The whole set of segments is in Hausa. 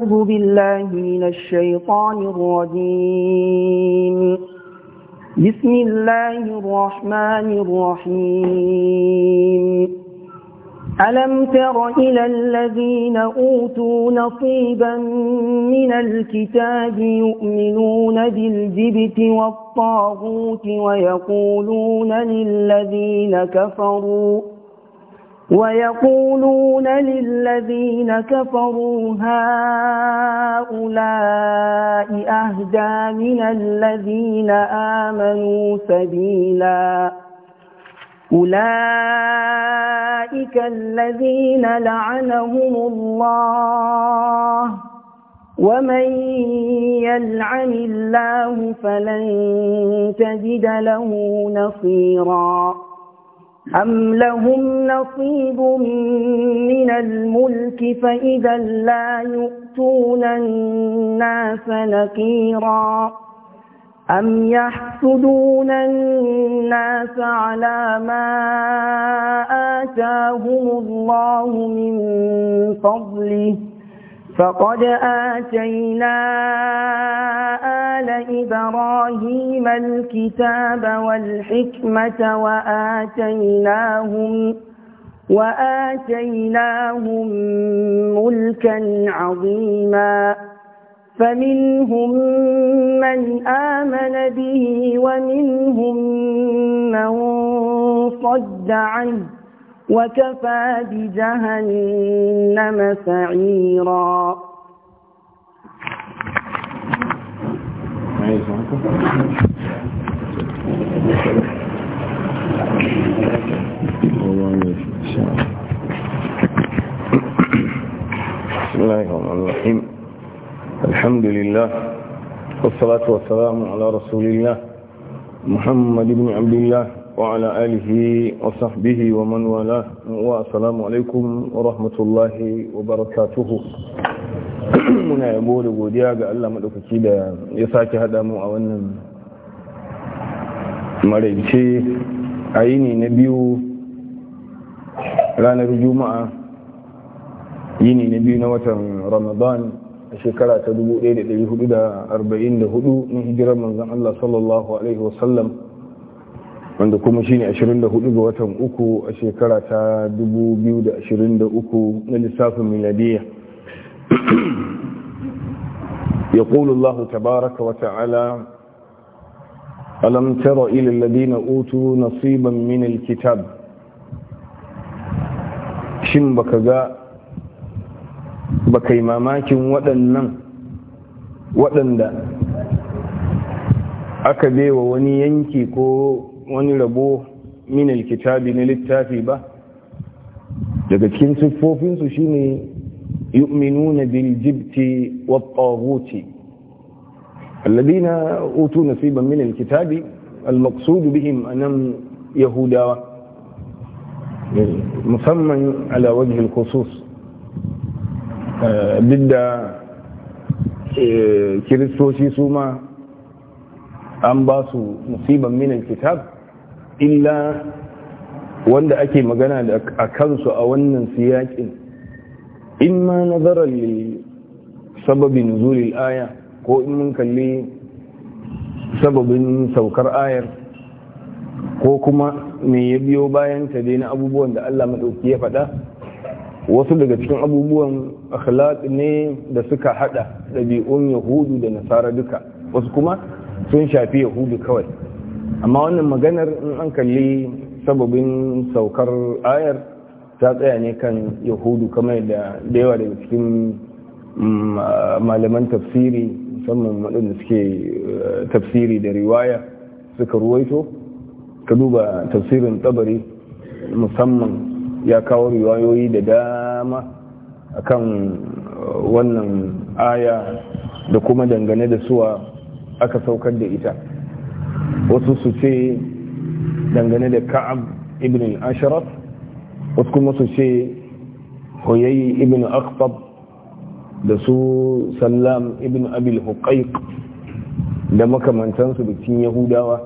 أعوذ بالله من الشيطان الرجيم بسم الله الرحمن الرحيم ألم تر إلى الذين أوتوا نصيبا من الكتاب يؤمنون بالجبت والطاغوت ويقولون للذين كفروا ويقولون للذين كفروا هؤلاء أهدى من الذين آمنوا سبيلا أولئك الذين لعنهم الله ومن يلعن الله فلن تجد له نصيراً أم لهم نصيب من الملك فإذا لا يؤتون الناس نقيرا أم يحسدون الناس على ما آتاهم الله من فضله فقد آتينا آل إبراهيم الكتاب والحكمة وآتيناهم وآتيناهم ملكا عظيما فمنهم من آمن به ومنهم من صد عنه وكفى بجهنم سعيرا بسم الله الرحمن الرحيم الحمد لله والصلاة والسلام على رسول الله محمد بن عبد الله وعلى آله وصحبه ومن والاه والسلام عليكم ورحمة الله وبركاته muna yabo da godiya ga Allah maɗaukaki da ya sake haɗa mu a wannan maraice a yini na biyu ranar juma'a yini na biyu na watan ramadan a shekara ta 1444 na hijirar manzan Allah sallallahu Alaihi wasallam wanda kuma shine 24 ga watan uku a shekara ta 2023 na lissafin miladiya. miladiyya يقول الله تبارك وتعالى ألم تر إلى الذين utu nasiban من الكتاب shin baka ga baka yi mamakin waɗannan waɗanda aka bewa wani yanki ko wani rabo minal kitabi na littafi ba daga cikin siffofinsu shi ne yu'minu na biljibti wa ƙaruci hutu nasiban minal kitabi almaksudu bihim a nan yahudawa musamman alawajin kusus eh, duk eh, kiristoci su ma an ba su musibin minin kitab illa wanda ake magana da a kansu a wannan siyakin in ma nazarar sababin zuril aya ko in mun kalli sababin saukar ayar ko kuma me ya biyo bayan ta dai na abubuwan da Allah maɗauki ya faɗa wasu daga cikin abubuwan akhlaq ne da suka hada ɗabi'un yahudu da nasara duka wasu kuma sun shafi yahudu kawai amma wannan maganar in an kalli sababin saukar ayar ta tsaya ne kan yahudu kamar da da yawa daga cikin mm, malaman tafsiri musamman waɗanda suke eh, tafsiri da riwaya suka ruwaito ka duba tafsirin tsabari musamman ya kawo riwayoyi da dama akan eh, wannan aya da kuma dangane da suwa aka saukar da ita wasu su ce dangane da ka'ab ibn al-ashraf wasu kuma su ce hoyayi ibn akhtab da su sallam ibn abil huqaiq da makamantansu bikin yahudawa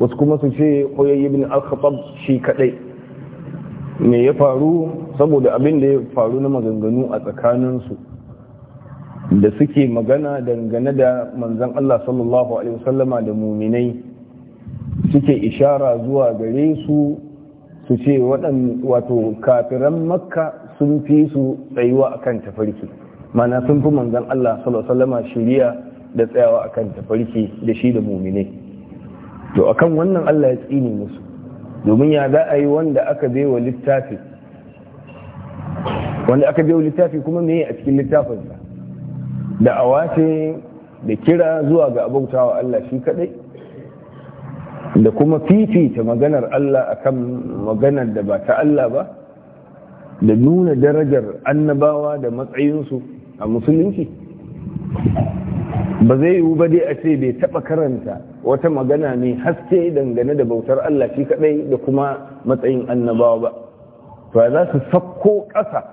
wasu kuma su ce hoyayi ibn akhtab shi kadai me ya faru saboda abin da ya faru na maganganu a tsakaninsu da suke magana dangane da manzan Allah sallallahu alaihi wasallama da muminai suke ishara zuwa gare su su ce wato kafiran makka sun fi su tsayuwa kan tafarki mana sun fi manzan Allah sallallahu alaihi wasallama shiriya da tsayawa a kan tafarki da shi da muminai to akan wannan Allah ya tsini musu domin ya za a yi wanda aka bai wa littafi wanda aka bai wa littafi kuma me a cikin littafinsa da'awa ce da kira zuwa ga abautawa Allah shi kadai da kuma fifita maganar Allah akan maganar da ba ta Allah ba da nuna darajar annabawa da matsayinsu a musulunci ba zai yiwu ba dai a ce bai taba karanta wata magana ne haske dangane da bautar Allah shi kadai da kuma matsayin annabawa ba to za su sakko ƙasa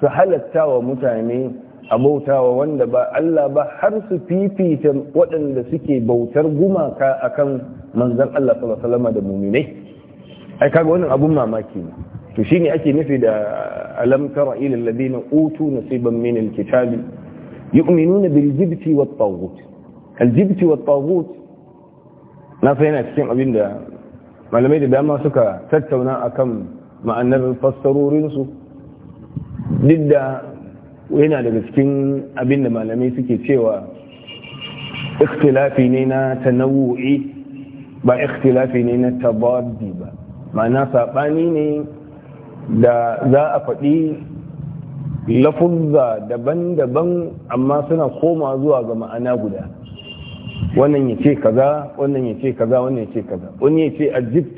su halatta wa mutane a bautawa wanda ba Allah ba har su fifita waɗanda suke bautar gumaka akan manzan Allah sallallahu da mu'minai ai kaga wannan abun mamaki ne to shine ake nufi da alam tara ila alladhina utu nasiban min alkitabi yu'minuna bil jibti wat taghut al jibti wat taghut na fa yana cikin abin da malamai da dama suka tattauna akan ma'anar fassarorin su duk da yana daga cikin abin da malamai suke cewa ikhtilafi ne na tanawu'i ba ikhtilafi ne na tabaddi ba ma'ana saɓani ne da za a faɗi lafuzza daban-daban amma suna koma zuwa ga ma'ana guda wannan ya ce kaza wannan ya ce kaza wannan ya ce kaza wani ya ce ajibt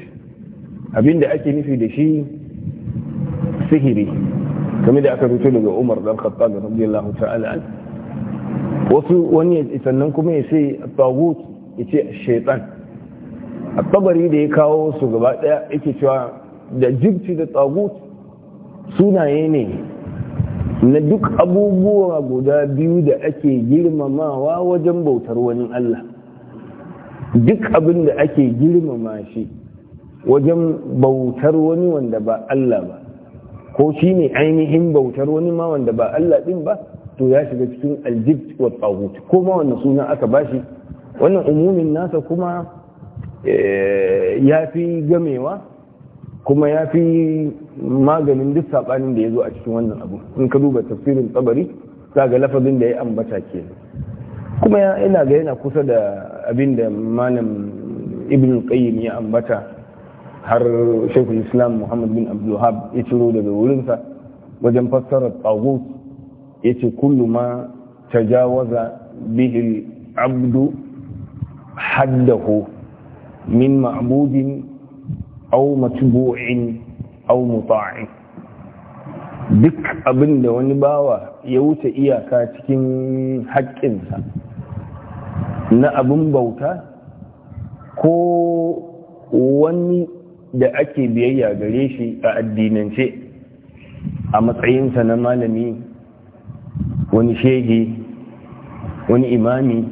abinda ake nufi da shi sihiri kamar da aka fito daga Umar dan Khattab allah ta'ala an wasu wani sannan kuma ya ce tagut ya ce shaytan at-tabari da ya kawo su gaba daya yake cewa da jibti da tawut sunaye ne na duk abubuwa guda biyu da ake girmamawa wajen bautar wani Allah duk abin da ake girmama shi wajen bautar wani wanda ba Allah ba ko shi ne ainihin bautar wani ma wanda ba Allah din ba to ya shiga cikin aljibt wa tsagut ko ma wanda suna aka bashi wannan umumin nasa kuma eh, ya fi gamewa kuma ya fi maganin duk saɓanin da ya zo a cikin wannan abu in ka duba tafsirin tsabari za ga lafazin da ya ambata ke kuma yana ga yana kusa da abin da malam ibn qayyim ya ambata har shekul islam muhammad bin abdulhab ya ciro daga wurinsa wajen fassarar tsago ya ce kullu ma tajawaza bihin abdu haddahu min ma'budin au matbu'in au muta'in duk abin da wani bawa ya wuce iyaka cikin haƙƙinsa na abin bauta ko wani da ake biyayya gare shi a addinance a matsayinsa na malami wani shehi wani imami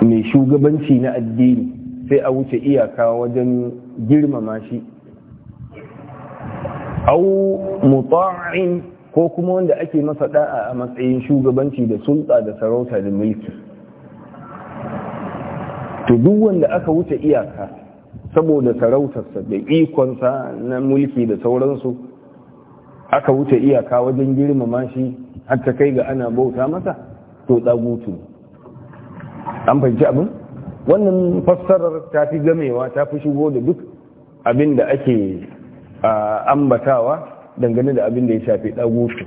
mai shugabanci na addini sai a wuce iyaka wajen girmama shi au muta'in ko kuma wanda ake masa da'a a matsayin shugabanci da sulta da sarauta da mulki to duk wanda aka wuce iyaka saboda sarautarsa da ikonsa na mulki da sauransu aka wuce iyaka wajen girmama shi har ta kai ga ana bauta masa to tsagutu an fahimci abin wannan fassarar ta fi gamewa ta fi shigo da duk abin da ake ambatawa dangane da abin da ya shafi tsagutu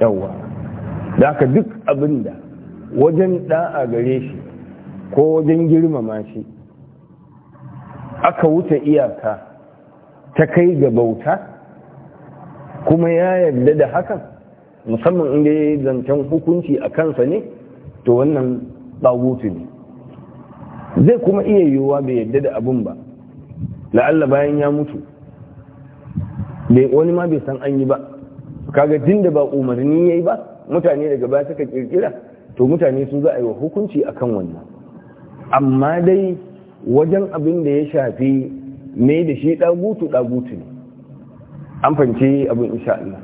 yawa da aka duk abin da wajen da'a gare shi ko wajen girmama shi aka wuce iyaka ta kai ga bauta kuma ya yarda da hakan musamman inda ya zancen hukunci a kansa ne to wannan tsawutu ne zai kuma iya yiwuwa bai yarda da abin ba la'alla bayan ya mutu wani ma bai san an yi ba kaga din da ba umarni ya yi ba mutane daga baya suka kirkira to mutane su za a yi wa hukunci akan wannan amma dai wajen abin da ya shafi mai da shi ɗagutu ɗagutu ne an fahimci abin insha Allah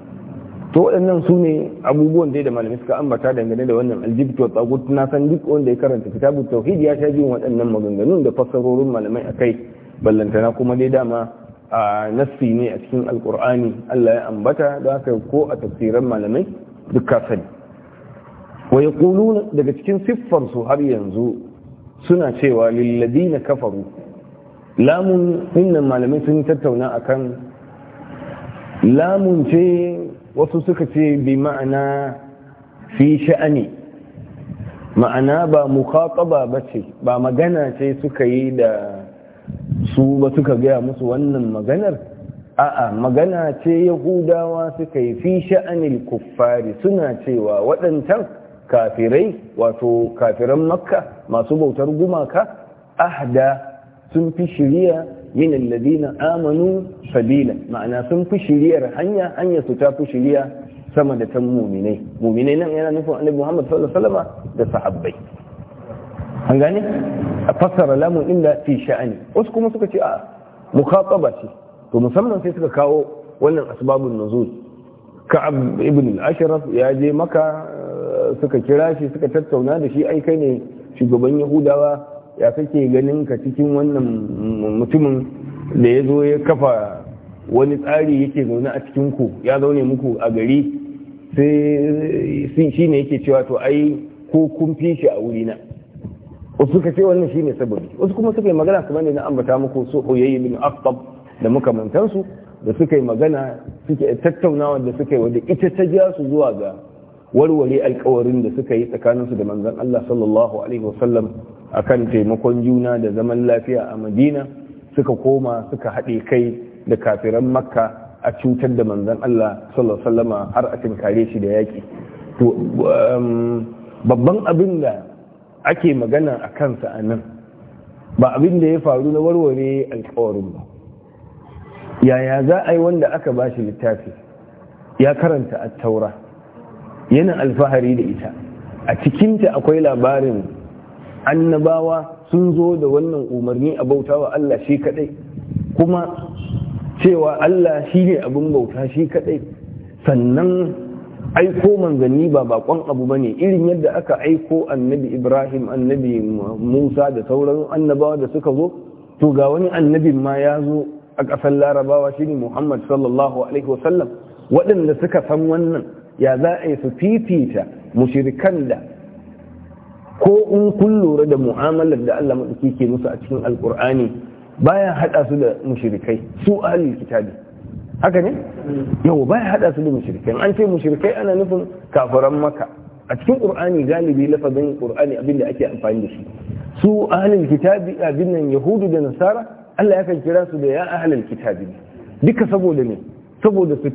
to waɗannan su ne abubuwan da malamai suka ambata dangane da wannan aljibtu wa tsagut na san duk wanda ya karanta kitabu tauhid ya sha jin waɗannan maganganun da fassarorin malamai a akai ballantana kuma dai dama a nassi ne a cikin alkur'ani Allah ya ambata da haka ko a tafsiran malamai duk ka sani wa yaquluna daga cikin siffar su har yanzu suna cewa lilladina kafaru lamun innan malamai sun tattauna akan lamun ce wasu suka ce bi ma'ana fi sha'ani ma'ana ba mukhataba ba ce ba magana ce suka yi da su ba suka gaya musu wannan maganar a'a magana ce yahudawa suka yi fi sha'anil kuffari suna cewa waɗancan kafirai wato kafiran makka masu bautar gumaka ahda sun fi shiriya min amanu sabila ma'ana sun fi shiriyar hanya hanya su ta fi shiriya sama da ta muminai muminai nan yana nufin annabi Muhammad sallallahu alaihi wasallam da sahabbai an gane a fassara lamun inda fi sha'ani wasu kuma suka ce a mukhataba ce to musamman sai suka kawo wannan asbabun nuzul ka'ab ibn al-ashraf ya je maka suka kira shi suka tattauna da shi ai kai ne shugaban yahudawa ya kake ganin ka cikin wannan mutumin da ya zo ya kafa wani tsari yake zaune a cikin ku ya zaune muku a gari sai shi ne yake cewa to ai ko kun fi shi a wurina wasu suka ce wannan shi ne saboda wasu kuma suka yi magana kamar ne na ambata muku su oyayi bin aftab da makamantansu da suka yi magana suke tattaunawa da suka yi wadda ita ta ja su zuwa ga warware alkawarin da suka yi tsakaninsu da manzan Allah sallallahu alaihi wasallam akan taimakon juna da zaman lafiya a Madina suka koma suka haɗe kai da kafiran Makka a cutar da manzan Allah sallallahu har a tinkare shi da yaƙi to um, babban abin da ake magana a kansa a nan ba abin da ya faru na warware alkawarin ba yaya za a yi wanda aka ba shi littafi ya karanta taura. yana alfahari da ita a cikinta akwai labarin annabawa sun zo da wannan umarni a bauta wa Allah shi kadai kuma cewa Allah shi ne abin bauta shi kadai sannan aiko manzanni ba bakon abu ba ne irin yadda aka aiko annabi ibrahim annabi musa da sauran annabawa da suka zo to ga wani annabin ma ya zo a ƙasar larabawa ne muhammad sallallahu alaihi wasallam waɗanda suka san wannan ya za a yi su fifita mushirikan da ko in kun lura da mu'amalar da Allah maɗauki ke musu a cikin alƙur'ani baya haɗa su da mushirikai su ahlul kitabi haka ne yau baya haɗa su da mushirikai an ce mushirikai ana nufin kafiran maka a cikin ƙur'ani galibi lafazin ƙur'ani abinda ake amfani da shi su ahlul kitabi abin nan yahudu da nasara Allah yakan kira su da ya ahlul kitabi duka saboda ne saboda su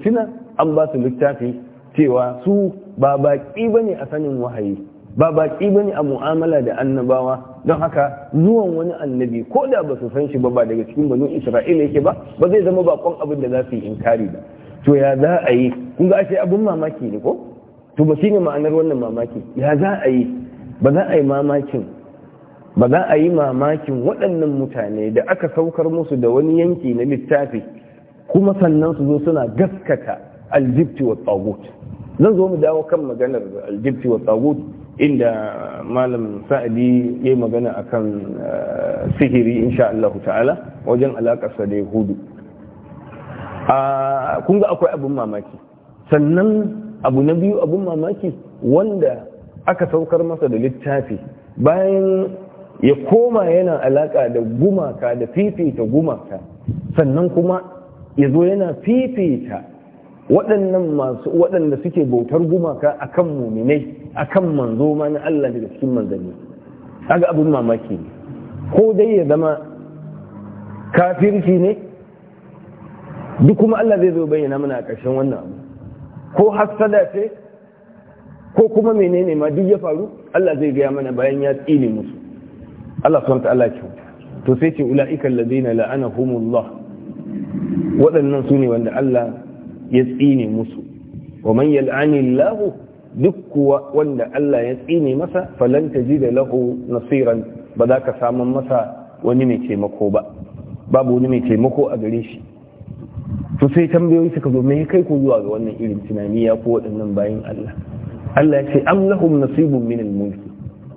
an ba su littafi cewa su ba baƙi ba ne a sanin wahayi ba baƙi ba ne a mu'amala da annabawa don haka zuwan wani annabi ko da ba su san shi ba ba daga cikin banu isra'ila yake ba ba zai zama bakon abin da za su yi inkari ba to ya za a yi kun ga ashe abin mamaki ne ko to ba shine ma'anar wannan mamaki ya za a yi ba za a yi mamakin ba za a yi mamakin waɗannan mutane da aka saukar musu da wani yanki na littafi kuma sannan su zo suna gaskata aljibti wa tsagoti zan zo mu dawo kan maganar aljibti wa tsagut inda malam sa'adi ya yi magana akan eh, sihiri insha Allah ta'ala wajen alakarsa da ya yahudu ah, kun ga akwai abin mamaki sannan abu na biyu abin mamaki wanda aka saukar masa da littafi bayan ya koma yana alaƙa da gumaka da fifita gumaka sannan kuma ya zo yana fifita waɗannan masu waɗanda suke bautar gumaka akan muminai akan manzo ma na Allah daga cikin manzanni kaga abin mamaki ne ko dai ya zama kafirci ne duk kuma Allah zai zo bayyana mana a ƙarshen wannan abu ko hassada ce ko kuma menene ma duk ya faru Allah zai gaya mana bayan ya tsine musu Allah subhanahu wa ta'ala kyauta to sai ce ula'ika allazina la'anahumullah waɗannan su ne wanda Allah ya tsine musu wa man yal'ani Allah duk kuwa wanda Allah ya tsine masa falan tajida lahu nasiran ba za ka samu masa wani mai taimako ba babu wani mai taimako a gare shi to sai tambayoyi suka zo me kai ku zuwa ga wannan irin tunani ya ko waɗannan bayan Allah Allah ya ce am lahum nasibun min al-mulki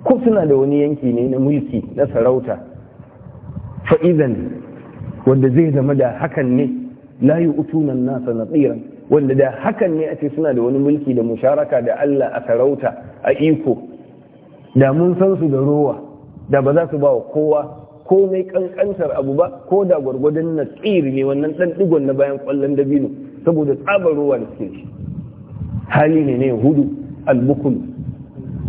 ko suna da wani yanki ne na mulki na sarauta fa idan wanda zai zama da hakan ne la yu'tuna an-nasa wanda da hakan ne a ce suna da wani mulki da musharaka da Allah a sarauta a iko da mun san su da rowa da ba za su ba wa kowa komai kankantar abu ba ko da gwargwadon na tsiri ne wannan dan digon na bayan kwallon dabino saboda tsabar rowa da suke shi hali ne na hudu albukul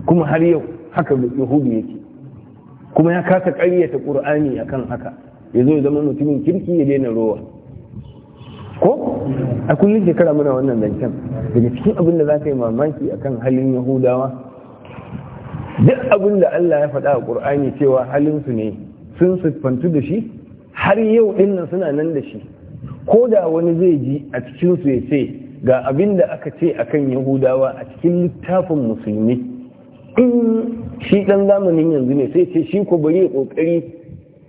kuma har yau haka yahudu yake kuma ya kasa ƙaryata ƙur'ani akan haka ya zo zama mutumin kirki ya daina rowa ko a kullum shekara muna wannan zancen daga cikin abin da za ka yi mamaki kan halin yahudawa duk abin da Allah ya faɗa a ƙur'ani cewa halinsu ne sun siffantu da shi har yau ɗinnan suna nan da shi ko da wani zai ji a cikinsu ya ce ga abin da aka ce a kan yahudawa a cikin littafin musulmi in shi ɗan zamanin yanzu ne sai ce shi ko bari ya ƙoƙari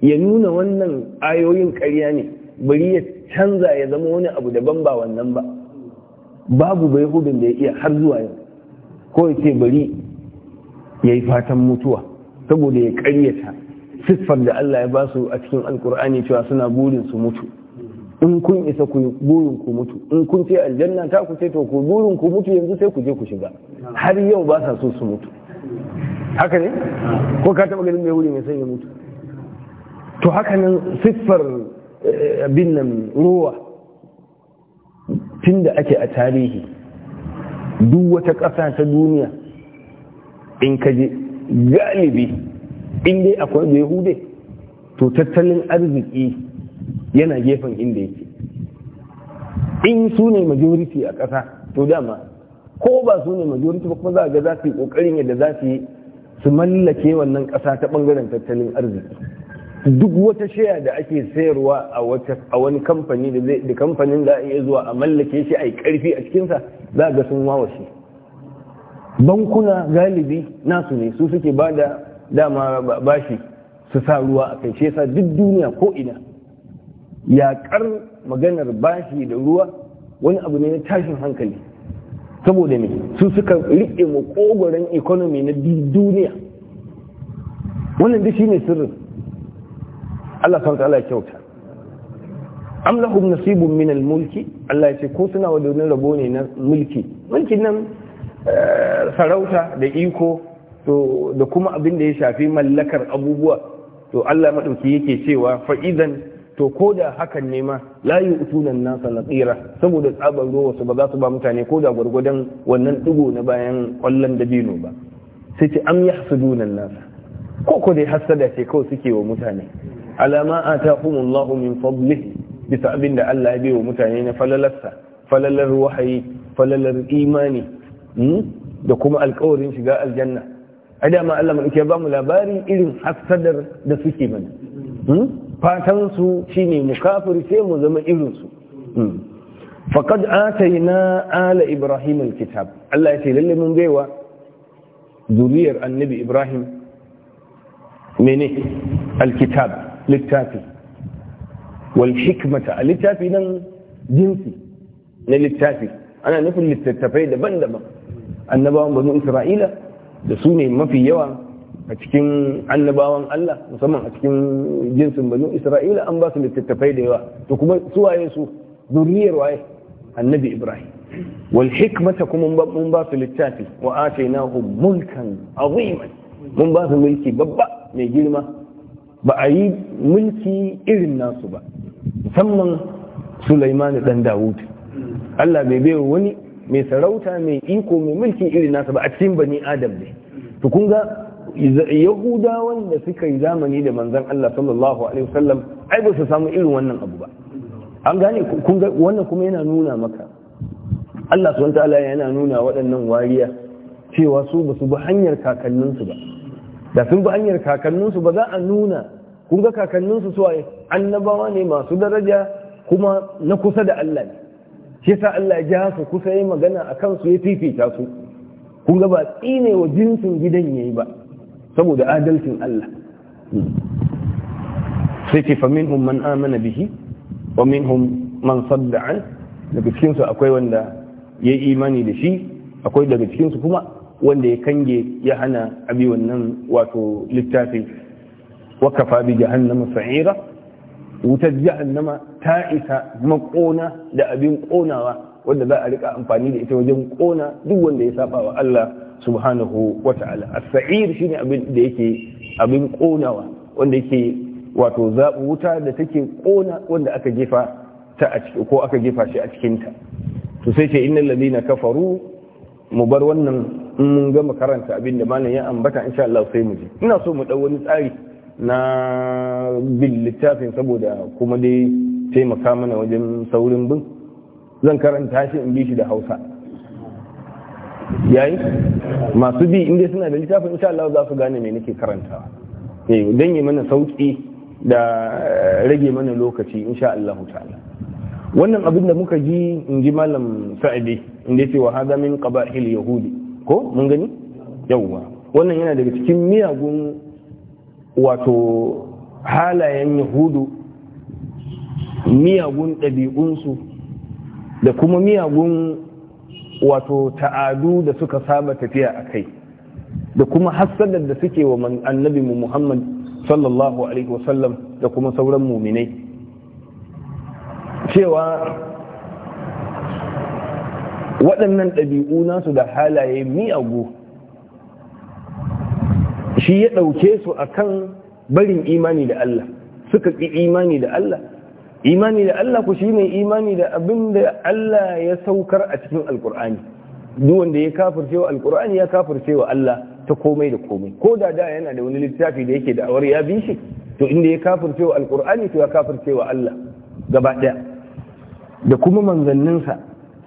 ya nuna wannan ayoyin ƙarya ne bari ya canza ya zama wani abu daban ba wannan ba babu bai hudun da ya iya har zuwa yau ko ya ce bari ya yi fatan mutuwa saboda ya karyata siffar da Allah ya ba su a cikin alkur'ani cewa suna burin su mutu in kun isa ku burin ku mutu in kun ce aljanna ta ku ce to ku burin ku mutu yanzu sai ku je ku shiga har yau ba sa so su mutu haka ne ko ka taba ganin mai wuri mai sanya mutu to haka nan siffar abin nan ruwa tun da ake a tarihi duk wata ƙasa ta duniya in ka je galibi in dai akwai da yahude to tattalin arziki yana gefen inda yake in su ne majority a ƙasa to dama ko ba su ne majority ba kuma za ga za su yi ƙoƙarin yadda za su yi su mallake wannan ƙasa ta ɓangaren tattalin arziki duk wata shaya da ake sayarwa a wani kamfani da kamfanin za iya zuwa a mallake shi a yi karfi a cikinsa za a ga sun wawashe bankuna galibi nasu ne su suke ba da dama bashi su sa ruwa a kai shesa duk duniya ko ina yaƙar maganar bashi da ruwa wani abu ne na tashin hankali saboda ne su suka riƙe ƙogoron ekonomi na duniya wannan da shi ne sirrin Allah subhanahu Allah ya kyauta am lahum nasibun min al-mulki Allah ya ce ko suna wa dunin rabo ne na mulki mulkin nan eh, sarauta da iko to da kuma abin da ya shafi mallakar abubuwa to Allah madauki yake cewa fa idan to ko da hakan ne ma la yu'tuna an-nasa naqira saboda tsabar ruwa su ba za su ba mutane ko da gwargwadon wannan digo na bayan kwallon dabino ba sai ce am yahsuduna an-nasa ko ko dai hasada ce kawai suke wa mutane alama ataqumullahu min fadlihi bisa abin da Allah ya wa mutane na falalarsa falalar wahayi falalar imani hmm, da kuma alkawarin shiga aljanna a dama Allah mai ke ba mu labari irin hasadar da suke mana hmm, fatan su shine mu kafir sai mu zama irin su hmm. faqad atayna ala ibrahim alkitab Allah ya ce lalle mun baiwa zuriyar annabi ibrahim mene alkitab littafi wal hikmata a littafi nan jinsi na littafi ana nufin littattafai daban-daban annabawan banu isra'ila da su ne mafi yawa a cikin annabawan Allah musamman a cikin jinsin banu isra'ila an ba su littattafai da yawa to kuma su waye su zuriyar waye annabi ibrahim wal hikmata kuma mun ba su littafi wa atainahu mulkan aziman mun ba su mulki babba mai girma ba a yi mulki irin nasu ba musamman sulaimanu dan dawud Allah bai bai wani mai sarauta mai iko mai mulki irin nasa ba a cikin bani adam ne to kun ga yahudawan da suka yi zamani da manzan Allah sallallahu alaihi wasallam ai ba su samu irin wannan abu ba an gane kun ga wannan kuma yana nuna maka Allah subhanahu ta'ala yana nuna waɗannan wariya cewa su ba su bi hanyar kakanninsu ba da sun bi hanyar kakanninsu ba za a nuna kun ga kakanninsu su waye annabawa ne masu daraja kuma na kusa da Allah ne shi yasa Allah ya ji su kusa yayi magana akan su ya fifita su kun ga ba tsine wa jinsin gidan yayi ba saboda adalcin Allah sai ce fa minhum man amana bihi wa minhum man sadda an daga cikin su akwai wanda ya yi imani da shi akwai daga cikin su kuma wanda ya kange ya hana abi wannan wato littafin wakafa kafa bi jahannama sa'ira wutar jahannama ta isa makona da abin konawa wanda za a rika amfani da ita wajen kona duk wanda ya saba wa Allah subhanahu wa ta'ala as-sa'ir shine abin da yake abin konawa wanda yake wato zabu wuta da take kona wanda aka jefa ta a ciki ko aka jefa shi a cikin ta to sai ce innal ladina kafaru mu bar wannan mun gama karanta abin da malam ya ambata insha Allah sai mu je ina so mu dau wani tsari na bin littafin saboda kuma dai taimaka mana wajen saurin bin zan karanta shi in bi shi da hausa yayi masu bi inda suna da littafin insha Allah za su gane me nake karantawa eh dan yi mana sauki da rage mana lokaci insha Allah ta'ala wannan abin da muka ji in ji malam sa'idi inda yace wa hada min qaba'il yahudi ko mun gani yawwa wannan yana daga cikin miyagun wato halayen yahudu miyagun ɗabi'unsu da kuma miyagun wato ta'adu da suka saba tafiya a kai da kuma hassadar da suke wa annabi mu muhammad sallallahu alaihi wasallam da kuma sauran muminai cewa waɗannan ɗabi'u nasu da halaye miyagu shi ya ɗauke su kan barin imani da Allah suka ƙi imani da Allah imani da Allah ku shine imani da abin da Allah ya saukar a cikin alkur'ani wanda ya kafircewa alkur'ani ya kafircewa Allah ta komai da komai ko da da yana da wani littafi da yake da'awar ya bi shi to inda ya kafircewa alkur'ani to ya kafircewa Allah gaba ɗaya. da kuma manzanninsa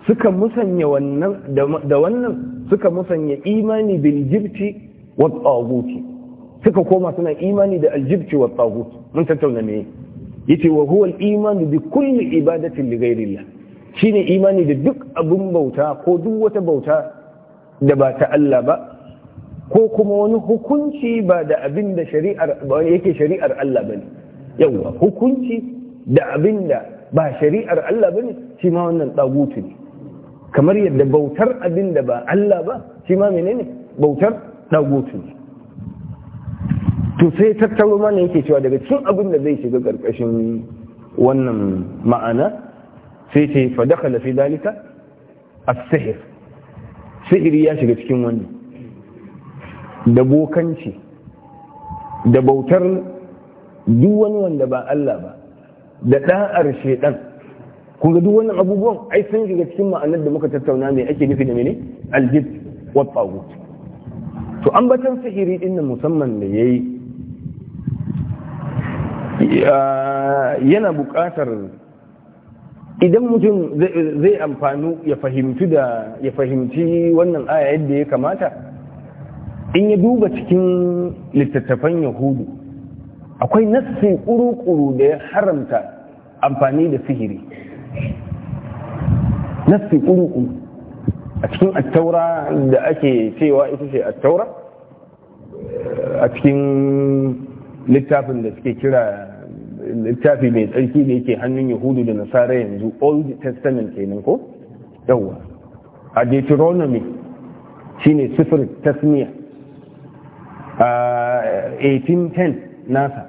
suka musanya wannan da wannan suka musanya imani bil jibti wa tsaguti suka koma suna imani da aljibci wa mun tattauna me yace wa huwa al-iman bi kulli ibadatin li Shi shine imani da duk abin bauta ko duk wata bauta da ba ta Allah ba ko kuma wani hukunci ba da abin da shari'ar ba yake shari'ar Allah bane yawa hukunci da abin da ba shari'ar Allah bane shi ma wannan tsagutu ne kamar yadda bautar abin da ba Allah ba shi ma menene bautar tsagutu ne to sai tattaro mana yake cewa daga cikin abin da zai shiga karkashin wannan ma'ana sai ce fa dakhala fi dalika as-sihr sihir ya shiga cikin wannan da bokanci da bautar duk wani wanda ba Allah ba da da'ar shedan kun ga duk wannan abubuwan ai sun shiga cikin ma'anar da muka tattauna me ake nufi da mene aljib wa tagut to ambatan sihiri din musamman da yayi yana buƙatar idan mutum zai amfanu ya fahimci da ya fahimci wannan aya yadda ya kamata in ya duba cikin littattafan yahudu akwai nassin kuru-kuru da ya haramta amfani da sihiri nassin kuru-kuru a cikin attaura da ake cewa ita ce attaura a cikin littafin da suke kira littafi mai tsarki da yake hannun yahudu da nasara yanzu old testament kenan ko yawwa a deuteronomy shine sifir tasmiya a 1810 nasa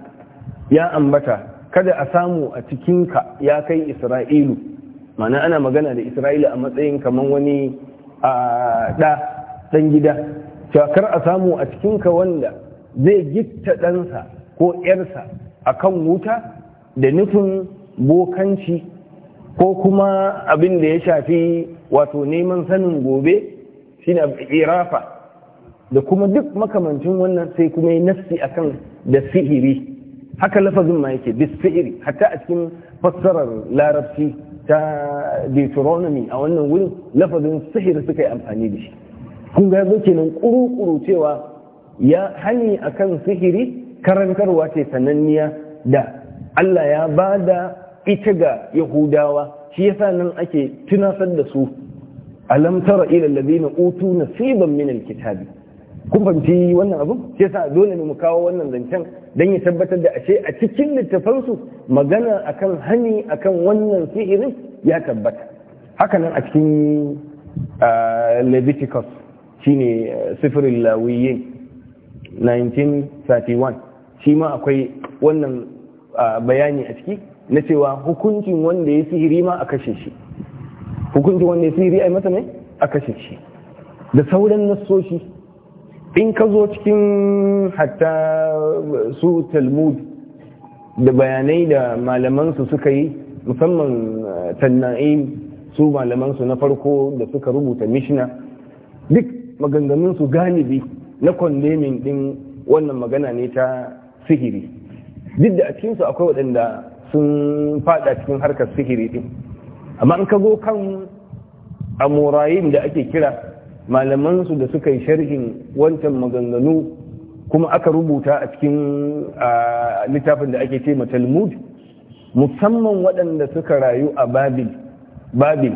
ya ambata kada a samu a cikinka ya kai isra'ilu mana ana magana da isra'ilu a matsayin kamar wani ɗa ɗan gida cewa kar a samu a cikinka wanda zai gitta ɗansa ko ‘yarsa a kan wuta da nufin bokanci ko kuma abin da ya shafi wato neman sanin gobe shi na irafa da kuma duk makamancin wannan sai kuma yi nassi akan da sihiri haka lafazin ma yake bis sihiri hatta a cikin fassarar larabci ta deuteronomy a wannan wurin lafazin sihir suka yi amfani da shi kun ga zo kenan kuru cewa ya hani akan sihiri karantarwa ce sananniya da Allah ya ba da ita ga Yahudawa shi yasa nan ake tunasar da su alam tara na allazina utu nasiban min kitabi. kun fahimci wannan abu shi yasa dole ne mu kawo wannan zancen dan ya tabbatar da ashe a cikin littafansu magana akan hani akan wannan sihirin ya tabbata haka nan a cikin Leviticus shine eh, sifirin lawiyin 1931 shi ma akwai wannan bayani a ciki na cewa hukuncin wanda ya sihiri ma a kashe shi hukuncin wanda ya sihiri a masa mai a kashe shi da sauran nassoshi in ka zo cikin hatta su talmud da bayanai da malamansu suka yi musamman tanna'im su malamansu na farko da suka rubuta mishina. duk maganganunsu galibi na kwandemin din wannan magana ne ta sihiri duk da a cikinsu akwai waɗanda sun fada cikin harkar sihiri din amma an ka kan amurayin da ake kira malamansu da suka yi sharhin wancan maganganu kuma aka rubuta a cikin littafin da ake ce talmud musamman waɗanda suka rayu a babil babil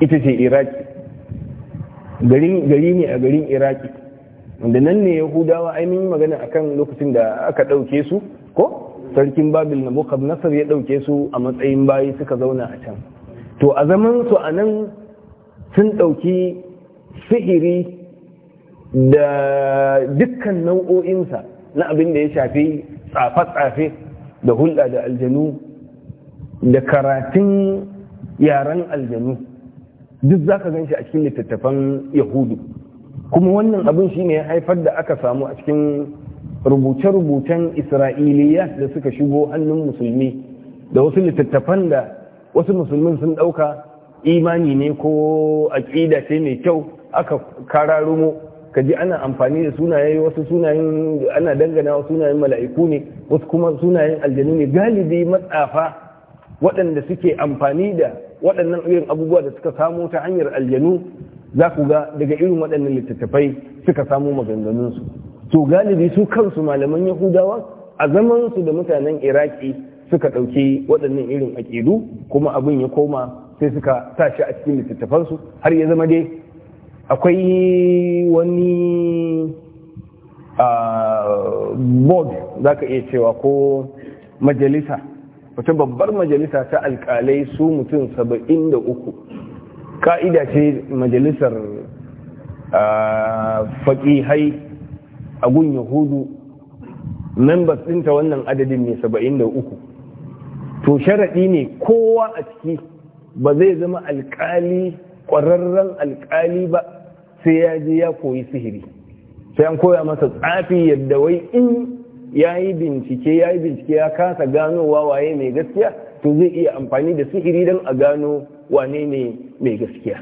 ita ce iraki gari ne a garin iraki da nan ne yahudawa ai mun yi magana akan lokacin da aka ɗauke su ko sarkin babil na nasar ya ɗauke su a matsayin bayi suka zauna a can to a zaman su a nan sun ɗauki sihiri da dukkan nau'o'insa na abin da ya shafi tsafe-tsafe da hulɗa da aljanu da karatun yaren aljanu duk za ka gan shi a cikin littattafan yahudu kuma wannan abin ne ya haifar da aka samu a cikin rubuce-rubucen isra'iliya da suka shigo hannun musulmi da wasu littattafan da wasu musulmin sun ɗauka imani ne ko aƙida ce mai kyau aka kararumo ka ji ana amfani da sunaye wasu sunayen ana dangana wasu sunayen mala'iku ne wasu kuma sunayen aljanu ne galibi matsafa waɗanda suke amfani da waɗannan irin abubuwa da suka samu ta hanyar aljanu za ku ga daga irin waɗannan littattafai suka samo maganganunsu to galibi su kansu malaman yahudawa a su da mutanen iraki suka ɗauki waɗannan irin aƙidu kuma abin ya koma sai suka sa shi a cikin littattafansu har ya zama dai akwai wani ah, board za ka iya cewa ko majalisa wata babbar majalisa ta alkalai su mutum saba'in da uku ka'ida ce majalisar faƙihai a gun yahudu members ɗinta wannan adadin ne saba'in to sharaɗi ne kowa a ciki ba zai zama alƙali ƙwararren alƙali ba sai ya je ya koyi sihiri sai an koya masa tsafi yadda wai in ya yi bincike ya yi bincike ya kasa ganowa waye mai gaskiya to zai iya amfani da sihiri don a gano wane ne mai gaskiya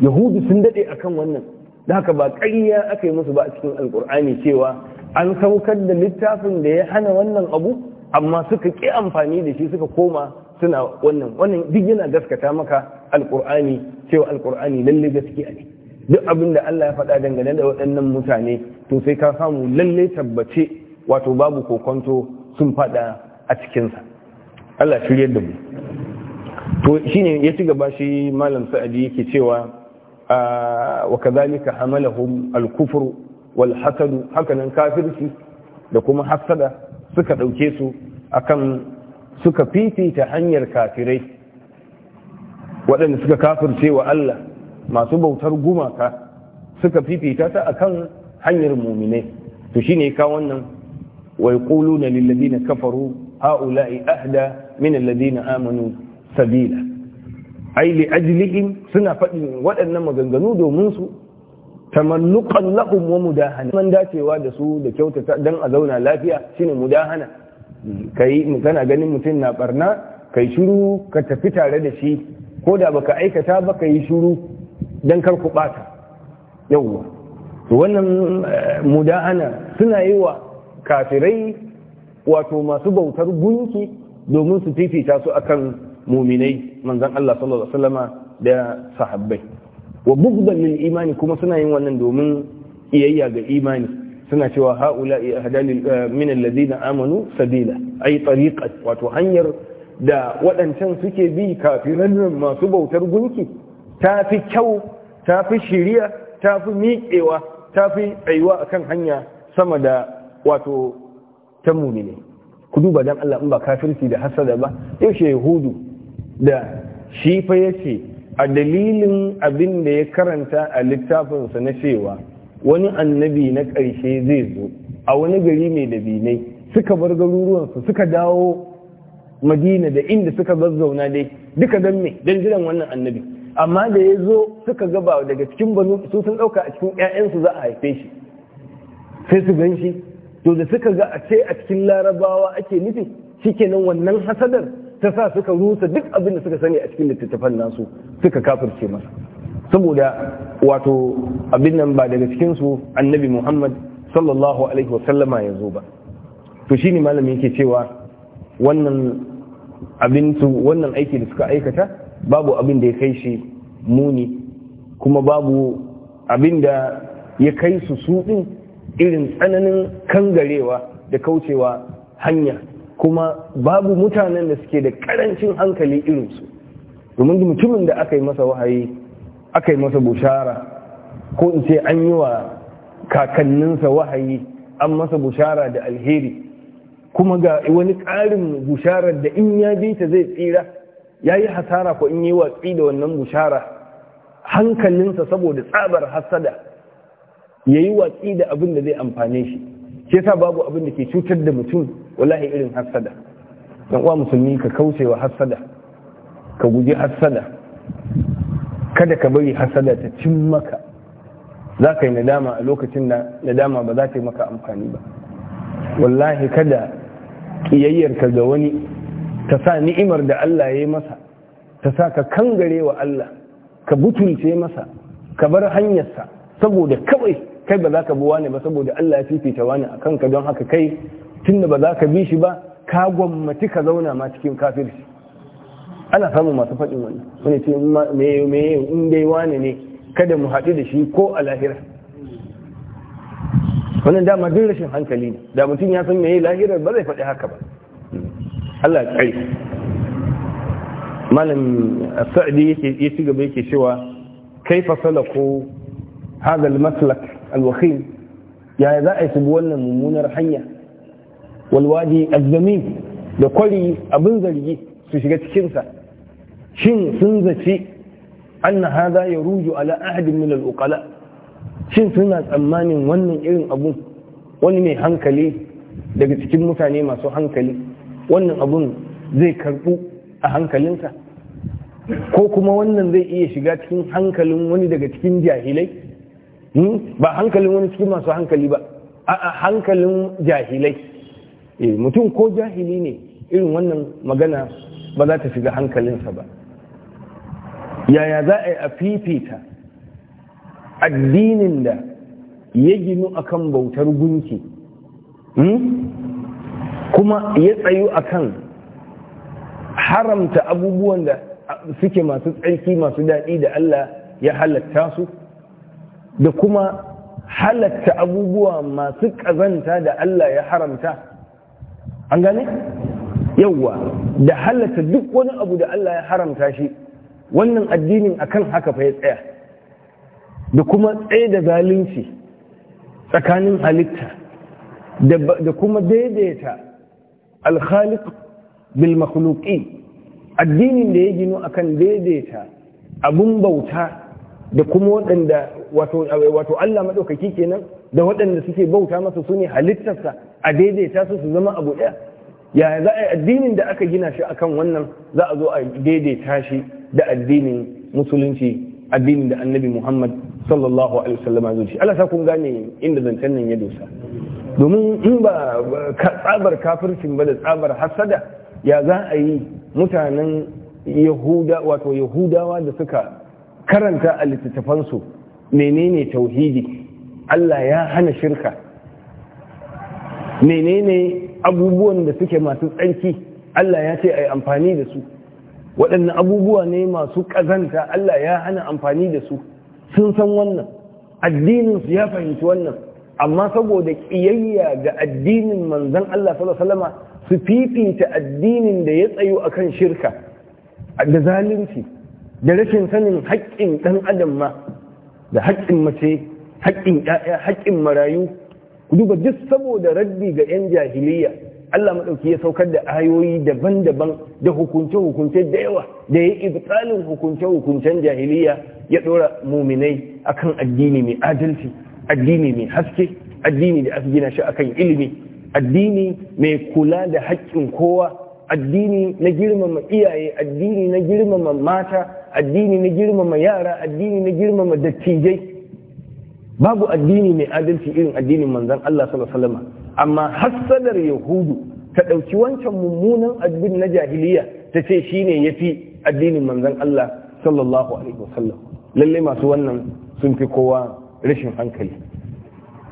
yahudu sun daɗe kan wannan da haka ba karya aka yi musu ba a cikin alƙur'ani cewa an saukar da littafin da ya hana wannan abu amma suka ƙi amfani da shi suka koma suna wannan wannan duk yana gaskata maka alƙur'ani cewa alƙur'ani lalle gaskiya ne duk abin da Allah ya faɗa dangane da waɗannan mutane to sai ka samu lalle tabbace wato babu kokonto sun faɗa a cikinsa Allah shirya da mu to ne ya ci gaba shi malam sa'adi yake cewa wa kadhalika hamalahum al-kufr wal hasad hakanan kafirci da kuma hasada suka dauke su akan suka fifita hanyar kafirai waɗanda suka kafirce wa Allah masu bautar gumaka suka fifita ta akan hanyar muminai to shine ka wannan wa yaquluna lil ladina kafaru ha'ula'i ahda min alladhina amanu sabila ai li ajlihim suna faɗin waɗannan maganganu domin su tamannuqan lahum wa mudahana man dacewa da su da kyautata dan a zauna lafiya shine mudahana kai kana ganin mutum na barna kai shiru ka tafi tare da shi ko da baka aikata ba ka yi shiru dan kar ku bata yawwa to wannan eh, mudahana suna yi wa kafirai wato masu bautar gunki domin su fifita su akan muminai manzan Allah sallallahu alaihi da sahabbai wa bugdan lil imani kuma suna yin wannan domin iyayya ga imani suna cewa haula hadalil eh, min alladhina amanu sabila ay tariqat wato hanyar da waɗancan suke bi kafiran masu bautar gunki ta fi kyau ta fi shiriya ta fi miƙewa ta fi tsayuwa akan hanya sama da wato ta mumine ku duba dan Allah in ba kafirci da hasada ba yaushe yahudu da shi fa yace a dalilin abin da ya karanta a littafinsa na cewa wani annabi na ƙarshe zai zo a wani gari mai dabinai suka bar garuruwansu suka dawo madina da inda suka zazzauna dai duka don me don jiran wannan annabi amma da ya zo suka gaba daga cikin banu su sun ɗauka a cikin 'ya'yansu za a haife shi sai su gan shi to da suka ga a ce a cikin larabawa ake nufi shikenan wannan hasadar ta sa suka rusa duk abin da suka sani a cikin littattafan nasu suka kafirce masa saboda wato abin nan ba daga cikin su annabi Muhammad sallallahu alaihi wasallama ya zo ba to shine malami yake cewa wannan abin su wannan aiki da suka aikata babu abin da ya kai shi muni kuma babu abin da ya kai su su din irin tsananin kangarewa da kaucewa hanya kuma babu mutanen da suke da karancin hankali irinsu domin mutumin da aka yi masa wahayi aka yi masa bushara ko in ce an yi wa kakanninsa wahayi an masa bushara da alheri kuma ga wani ƙarin Bushara da in ya bi ta zai tsira ya yi hasara ko in yi watsi da wannan bushara hankalinsa saboda tsabar hasada ya yi watsi da abin da zai amfane shi shiyasa babu abin da ke cutar da mutum wallahi irin hassada yan uwa musulmi ka kauce wa hassada ka guji hassada kada ka bari hassada ta cin maka za ka yi nadama a lokacin da nadama ba za ta yi maka amfani ba wallahi kada ƙiyayyarka ga wani ta sa ni'imar da Allah ya yi masa ta sa ka kangare wa Allah ka butulce masa ka bar hanyarsa saboda kawai kai ba za ka bi wani ba saboda Allah ya fifita wani a kanka don haka kai tunda ba za ka bi shi ba ka gwammaci ka zauna ma cikin kafirci ana samun masu faɗin wani wani ce meye in dai wani ne kada mu haɗu da shi ko a lahira Wani dama duk rashin hankali ne da mutum ya san meye lahirar ba zai faɗi haka ba Allah kai malam sa'adi ya ci gaba yake cewa kai fasala ko hagal maslak al yaya za a yi wannan mummunar hanya walwadi azzami da kwari abin zargi su shiga cikinsa shin sun zaci anna hada ya ruju ala ahadin min al'uqala shin suna tsammanin wannan irin abu wani mai hankali daga cikin mutane masu hankali wannan abun zai karbu a hankalinsa ko kuma wannan zai iya shiga cikin hankalin wani daga cikin jahilai hmm? ba hankalin wani cikin masu hankali ba a hankalin jahilai Eh, mutum ko jahili ne irin wannan magana ba za ta shiga hankalinsa ba yaya za a yi a fifita addinin da ya ginu akan bautar gunki hmm? kuma ya tsayu akan haramta abubuwan da suke masu tsarki masu daɗi da Allah ya halatta su da kuma halatta abubuwa masu ƙazanta da Allah ya haramta an gane yawwa da halatta duk wani abu da Allah ya haramta shi wannan addinin akan haka fa ya tsaya da kuma tsaye da zalunci tsakanin halitta da kuma daidaita alkhaliq bil makhluqi addinin da ya gino akan daidaita abun bauta da kuma waɗanda wato Allah maɗaukaki kenan da waɗanda suke bauta masa su ne halittarsa a daidaita su su zama abu ɗaya ya za a addinin da aka gina shi akan wannan za a zo a daidaita shi da addinin musulunci addinin da annabi Muhammad sallallahu alaihi wasallam ya zuci Allah sa kun gane inda zancen nan ya dosa domin in ba tsabar kafircin ba da tsabar hasada ya za a yi mutanen yahuda wato yahudawa da suka karanta a littattafansu menene tauhidi Allah ya hana shirka menene abubuwan da suke masu tsarki Allah ya ce a yi amfani da su waɗannan abubuwa ne masu ƙazanta Allah ya hana amfani da su sun san wannan addininsu ya fahimci wannan amma saboda ƙiyayya ga addinin manzan Allah sallallahu su fifita addinin da ya tsayo akan shirka da zalunci da rashin sanin haƙƙin ɗan adam ma da haƙƙin mace haƙƙin ƴaƴa haƙƙin marayu ku duba duk saboda raddi ga 'yan jahiliya Allah madauki ya saukar da ayoyi daban-daban da hukunce-hukunce da yawa da ya ibtalin hukunce-hukuncen jahiliya ya ɗora muminai akan addini mai adalci addini mai haske addini da asgina gina shi akan ilimi addini mai kula da haƙƙin kowa addini na girmama iyaye addini na girmama mata addini na girmama yara addini na girmama dattijai babu addini mai adalci irin addinin manzan Allah sallallahu alaihi amma hassadar yahudu ta ɗauki wancan mummunan addini na jahiliya ta ce shine yafi addinin manzon Allah sallallahu alaihi wasallam lalle masu wannan sun fi kowa rashin hankali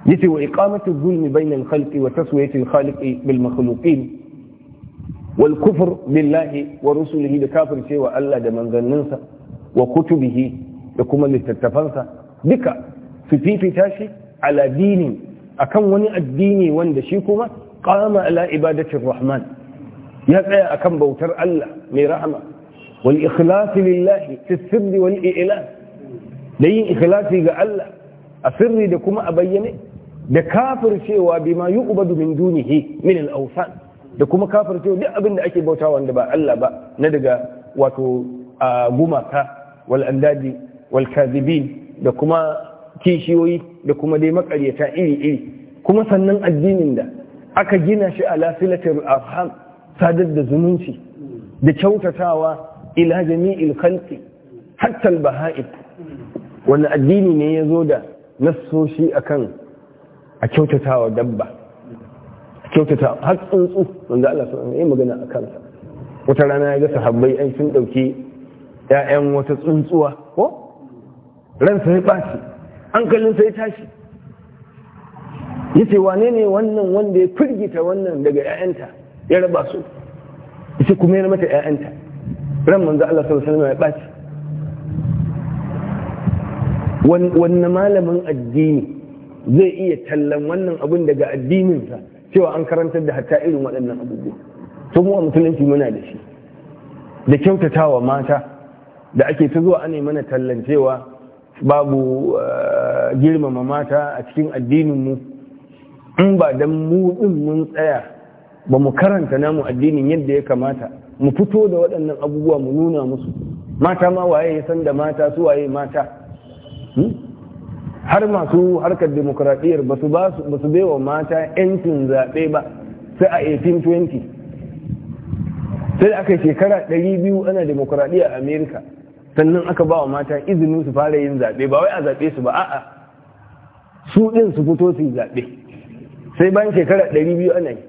yace wa iqamatu zulmi bainal khalqi wa taswiyatil khaliqi bil makhluqin والكفر بالله ورسله بكافر شيء وألا دمان ظننسا وكتبه يكون من التتفنسا بك في في تاشي على دين أكم وني الديني وان دشيكما قام على عبادة الرحمن يقعي أكم بوتر ألا من رحمة والإخلاص لله في السر والإئلاس دين إخلاصي لألا أسري دكما أبيني دكافر شيء وبما يؤبد من دونه من الأوثان da kuma kafirce duk abin da ake bauta wanda ba Allah ba na daga wato gumaka wal andadi wal kadhibin da kuma kishiyoyi da kuma dai makaryata iri iri kuma sannan addinin da aka gina shi a silatul arham sadar da zumunci da kyautatawa ila jami'il khalqi hatta al baha'id wannan addini ne ya zo da nassoshi akan a kyautatawa dabba kyautata har tsuntsu wanda Allah sun yi magana a kansa wata rana ya ga sahabbai an sun ɗauki ‘ya'yan wata tsuntsuwa ko ransa ya ɓaci sai ya tashi ya ce wane ne wannan wanda ya firgita wannan daga ‘ya'yanta ya raba su ya ce kuma ya mata ‘ya'yanta ran manzo Allah sallallahu alaihi ya ɓaci Wanne malamin addini zai iya tallan wannan abin daga addininsa cewa an karantar da hatta irin waɗannan abubuwa to mu a musulunci muna da shi da kyautatawa mata da ake ta zuwa ana mana tallancewa babu eh, girmama mata a cikin addinin mu in ba dan mu din mun tsaya ba mu karanta namu addinin yadda ya kamata mu fito da waɗannan abubuwa mu nuna musu mata ma waye ya san da mata su waye mata hmm? har masu harkar demokuraɗiyyar ba su wa mata 'yancin zaɓe ba sai a 1820 sai da aka shekara 200 ana demokuraɗiyya a amerika sannan aka ba wa mata izinin su fara yin zaɓe ba wai a zaɓe su ba a'a su ɗin su fito su yi zaɓe sai bayan shekara 200 ana yi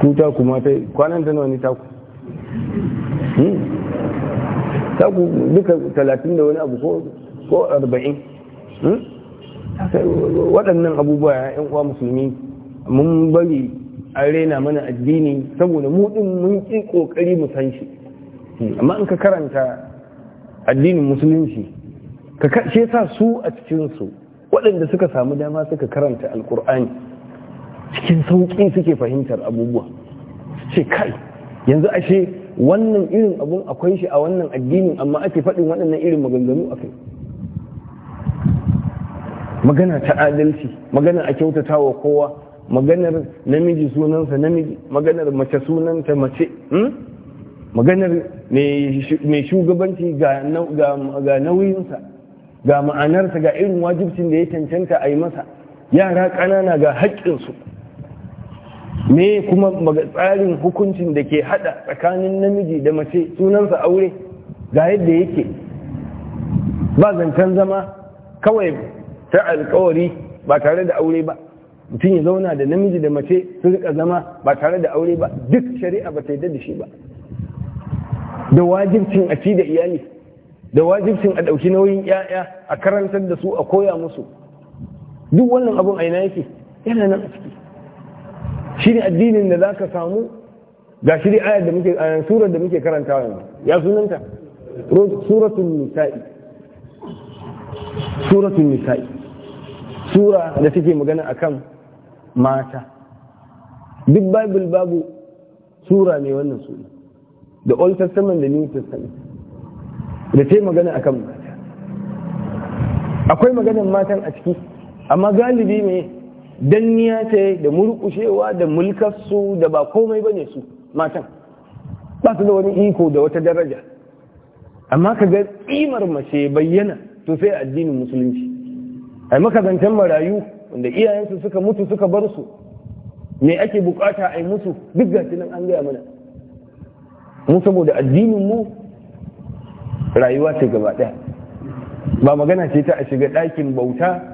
ku taku mata kwanan ta nawa ne ku ta ku duka talatin da wani abu ko arba'in hmm? waɗannan abubuwa yan uwa musulmi mun bari an rena mana addini saboda mu din mun ƙi ƙoƙari mu san shi amma in ka karanta addinin musulunci ka shi sa su a cikinsu waɗanda suka samu dama suka karanta Alƙur'ani? cikin sauƙi suke fahimtar abubuwa ce kai yanzu ashe wannan irin abun akwai shi a wannan addinin amma ake faɗin waɗannan irin maganganu a magana ta adalci magana a kyautata wa kowa maganar namiji sunansa namiji maganar mace sunanta mace hmm? maganar mai shugabanci ga nauyinsa ga ma'anarsa ga irin wajibcin da ya cancanta a yi masa yara ƙanana ga haƙƙinsu me kuma tsarin hukuncin da ke hada tsakanin namiji da mace sunansa aure ga yadda yake ba zancen zama kawai ta alkawari ba tare da aure ba mutum ya zauna da namiji da mace su rika zama ba tare da aure ba duk shari'a ba ta da shi ba da wajibcin a ci da iyali da wajibcin a ɗauki nauyin 'ya'ya a karantar da su a koya musu duk wannan abun aina yake yana nan a ciki shi ne addinin da za ka samu ga shi ayar da muke a surar da muke karanta yanzu ya sunanta suratul nisa'i suratul nisa'i sura da take magana akan mata duk bible babu sura ne wannan sura da old testament da new testament da take magana akan mata akwai maganar matan a ciki amma galibi ne danniya ta da murkushewa da mulkarsu da ba komai ba ne su matan ba su da wani iko da wata daraja amma ka ga tsimar mace bayyana to sai addinin musulunci a makarantar marayu wanda iyayensu suka mutu suka bar su me ake bukata a yi musu duk ga nan an gaya mana mu saboda addinin mu rayuwa ce gaba ɗaya ba magana ce ta a shiga ɗakin bauta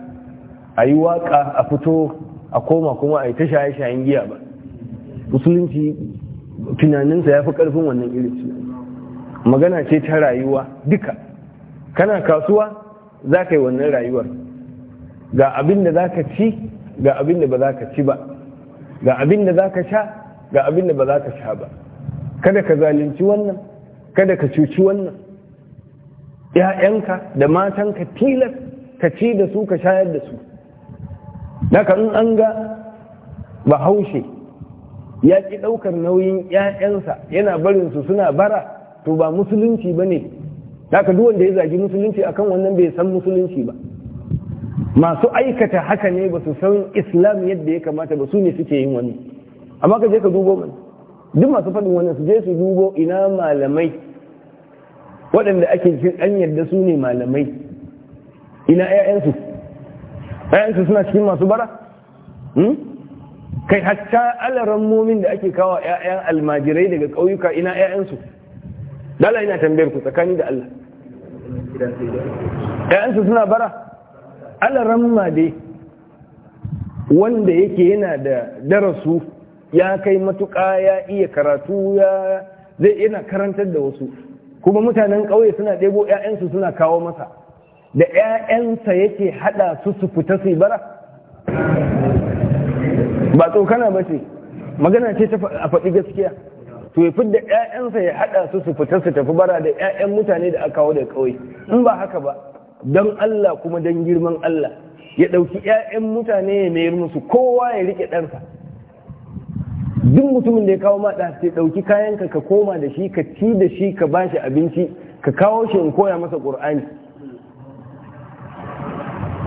a yi waka a fito a koma kuma a yi ta shaye-shayen giya ba musulunci tunaninsa ya fi karfin wannan irin su magana ce ta rayuwa duka kana kasuwa za ka yi wannan rayuwar ga abin da za ka ci ga abin da ba za ka ci ba ga abin da za ka sha ga abin da ba za ka sha ba kada ka zalunci wannan kada ka cuci wannan ‘ya'yanka da matanka tilas ka ci da su ka shayar da su daga in an ga bahaushe ya ki ɗaukar nauyin 'ya'yansa yana barinsu suna bara to ba musulunci ba ne daga duk wanda ya zagi musulunci akan wannan bai san musulunci ba masu aikata haka ne ba su san islam yadda ya kamata ba su ne suke yin wani amma ka je ka dubo mana duk masu faɗin wannan su je su dubo ina malamai waɗanda ake an yarda su ne malamai ina 'ya'yansu ayansu suna cikin masu bara hmm? kai hatta alaran momin da ake kawo ƴaƴan almajirai daga ƙauyuka ina ƴaƴansu dala ina tambayar ku tsakani da Allah ƴaƴansu suna bara alaran ma dai wanda yake yana da darasu ya kai matuka, ya iya karatu ya zai yana karantar da wasu kuma mutanen ƙauye suna ɗebo yayansu suna kawo masa da ‘ya'yansa yake haɗa su su fita su bara ba tsokana ba ce magana ce a faɗi gaskiya to ya fidda ‘ya'yansa ya haɗa su su fita su tafi bara da ‘ya'yan mutane da aka kawo da ƙauye in ba haka ba don Allah kuma don girman Allah ya ɗauki ‘ya'yan mutane ya mayar musu kowa ya riƙe ɗansa duk mutumin da ya kawo maɗa sai ɗauki kayanka ka koma da shi ka ci da shi ka bashi abinci ka kawo shi in koya masa ƙur'ani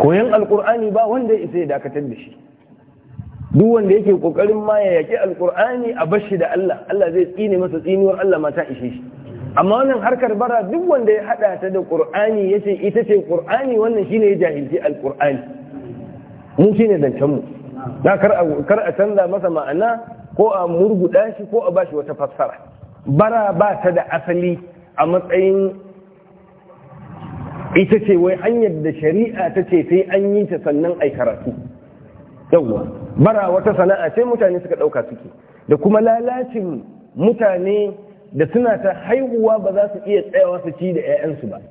koyon alkur'ani ba wanda isa ya dakatar da shi duk wanda yake kokarin ma ya yaki alkur'ani a bashi da Allah Allah zai tsine masa tsiniwar Allah ma ta ishe shi amma wannan harkar bara duk wanda ya hada ta da qur'ani yace ita ce qur'ani wannan shine ya jahilci alkur'ani mu shine dancan mu da kar a kar a canza masa ma'ana ko a murguda shi ko a bashi wata fassara bara ba ta da asali a matsayin ita ce wai hanyar da shari'a ta ce sai an yi ta sannan ai karatu yawwa bara wata sana'a sai mutane suka ɗauka suke da kuma lalacin mutane da suna ta haihuwa ba za su iya tsayawa su ci da 'ya'yansu ba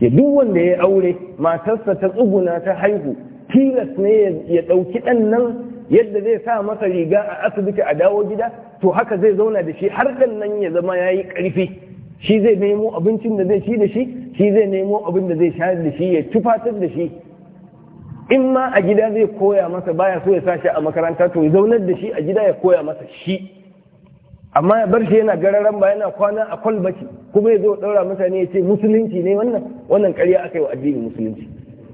ya duk wanda ya aure matarsa ta tsuguna ta haihu tilas ne ya ɗauki ɗan nan yadda zai sa masa riga a asibiti a dawo gida to haka zai zauna da shi har nan ya zama ya yi ƙarfi shi zai nemo abincin da zai ci da shi shi zai nemo abin da zai shayar da shi ya tufatar da shi in ma a gida zai koya masa baya so ya sashi a makaranta to ya zaunar da shi a gida ya koya masa shi amma ya bar shi yana gararan ba yana kwana a kwalbaci kuma ya zo daura mutane ya ce musulunci ne wannan wannan ƙarya aka yi wa addinin musulunci